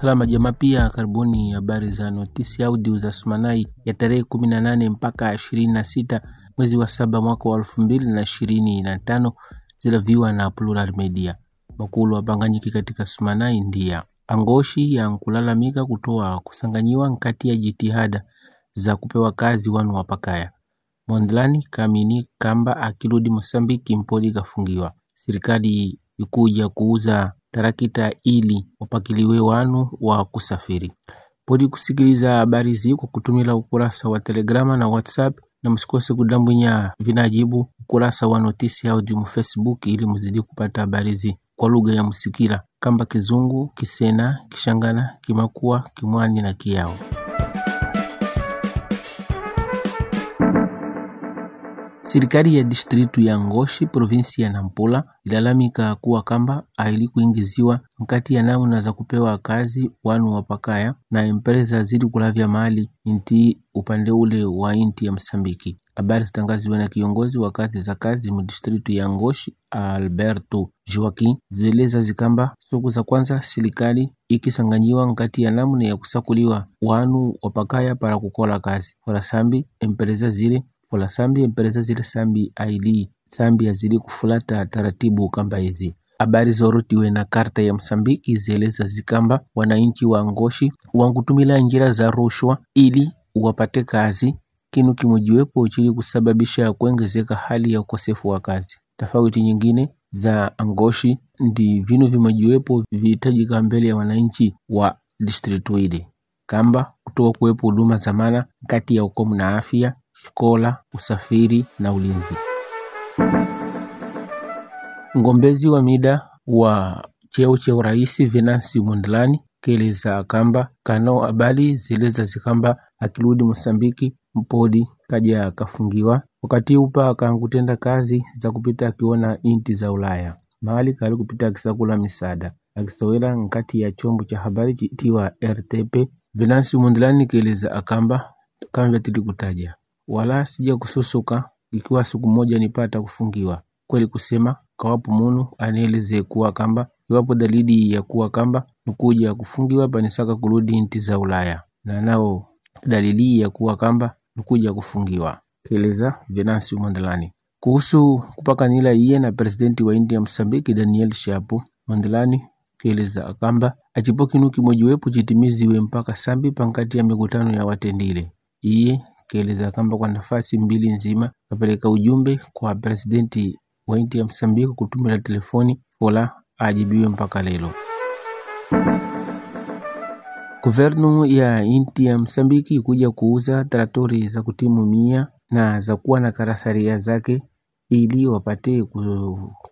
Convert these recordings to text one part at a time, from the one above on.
Salama jamaa, pia karibuni habari za notisi audio za Sumanai ya tarehe 18 mpaka 26 mwezi wa saba mwaka wa 2025 zilaviwa na Plural Media. Makulu apanganyiki katika Sumanai ndia angoshi ya nkulalamika kutoa kusanganyiwa nkati ya jitihada za kupewa kazi wanu wapakaya Mondlani kamini kamba akiludi Mosambiki mpoli kafungiwa serikali ikuja kuuza tarakita ili wapakiliwe wanu wa kusafiri. Podi kusikiliza habari zii kwa kutumila ukurasa wa Telegrama na WhatsApp na msikose kudambwinya vinajibu ukurasa wa notisi audio mu Facebook ili muzidi kupata habari zi kwa lugha ya musikila kamba Kizungu, Kisena, Kishangana, Kimakua, Kimwani na Kiyao. Serikali ya distritu ya Ngoshi provinsi ya Nampula ilalamika kuwa kamba kuingiziwa mkati ya namna za kupewa kazi wanu wapakaya na empresa zidi kulavya mali inti upande ule wa inti ya Msambiki. Habari zitangaziwe na kiongozi wa kazi za kazi mu distritu ya Ngoshi Alberto joaquin zieleza zikamba suku za kwanza serikali ikisanganyiwa nkati ya namna ya kusakuliwa wanu wapakaya para kukola kazi sambi empresa zile la Sambi empeleza zile Sambi aili Sambi azidi kufulata taratibu kamba hizi habari zorotiwe na karta ya Msambiki zieleza zikamba wananchi wa Ngoshi wangutumila njira za rushwa ili wapate kazi, kinu kimojiwepo chili kusababisha kuongezeka hali ya ukosefu wa kazi. Tofauti nyingine za Ngoshi ndi vinu vimojiwepo vihitajika mbele ya wananchi wa district wide kamba kutoa kuwepo huduma za mana kati ya ukomu na afya Shkola Usafiri na Ulinzi Mgombezi wa mida wa cheo cha urais Venansi Mondlane keleza kamba kano abali zileza zikamba akiludi Mosambiki mpodi kaja akafungiwa wakati upa akangutenda kazi za kupita akiona inti za Ulaya mahali kali kupita akisakula misaada akisowela nkati ya chombo cha habari chitiwa RTP Venansi Mondlane keleza akamba kamvya kutaja Wala sijakususuka ikiwa siku moja nipata kufungiwa. Kweli kusema kawapo munu anieleze kuwa kamba iwapo dalili ya kuwa kamba nikuja kufungiwa panisaka kurudi nti za Ulaya na nao dalili ya kuwa kamba nikuja kufungiwa, keleza Venansi Mondelani kuhusu kupakanila iye na presidenti wa India Msambiki Daniel Shapo. Mondelani keleza akamba achipokinu kimojiwepo chitimiziwe mpaka sambi pankati ya mikutano ya watendile iye akieleza kwamba kwa nafasi mbili nzima kapeleka ujumbe kwa presidenti wa nchi ya Msambiki kutumia telefoni Fola ajibiwe mpaka leo. guvernu ya nchi ya Msambiki kuja kuuza taratori za kutimu mia na za kuwa na karasaria zake ili wapate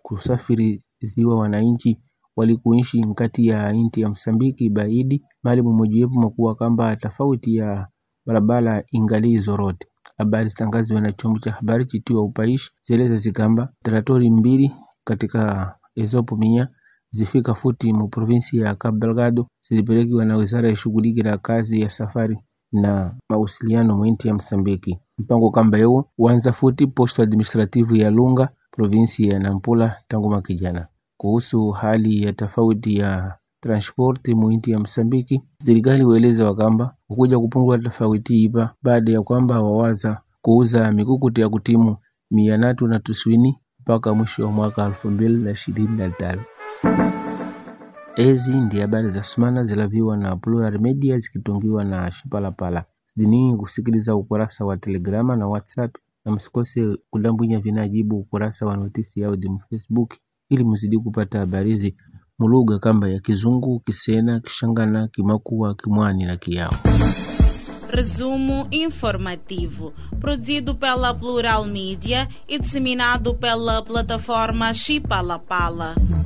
kusafiri ziwa wananchi walikuishi nkati ya nchi ya Msambiki baidi mali mmojawapo mwakuwa kwamba tofauti ya barabara ingali ingalizo habari zitangazwe na chombo cha habari chitiwa upaishi zieleza zikamba teratori mbili katika ezopo minya zifika futi mu provinsi ya Cabo Delgado zilipelekiwa na wizara ya shughuli la kazi ya safari na mausiliano mwinti ya Msambiki. Mpango kamba yewo wanza futi posto administrativu ya Lunga provinsi ya Nampula tangu makijana. Kuhusu hali ya tofauti ya Transporti Muinti ya Msambiki serikali hueleza wakamba hukuja kupungula tofauti ipa baada ya kwamba wawaza kuuza mikukuti ya kutimu mia na tisini mpaka mwisho wa mwaka elfu mbili na ishirini na tano. Ezi ndi habari za sumana zilaviwa na Plural Media zikitungiwa na Shipalapala. Sidinini kusikiliza ukurasa wa Telegrama na WhatsApp na msikose kudambunya vinajibu ukurasa wa notisi yao audio Facebook ili mzidi kupata habari hizi kamba ya kizungu kisena kimwani na Resumo informativo, produzido pela Plural Media e disseminado pela plataforma Chipalapala. Pala.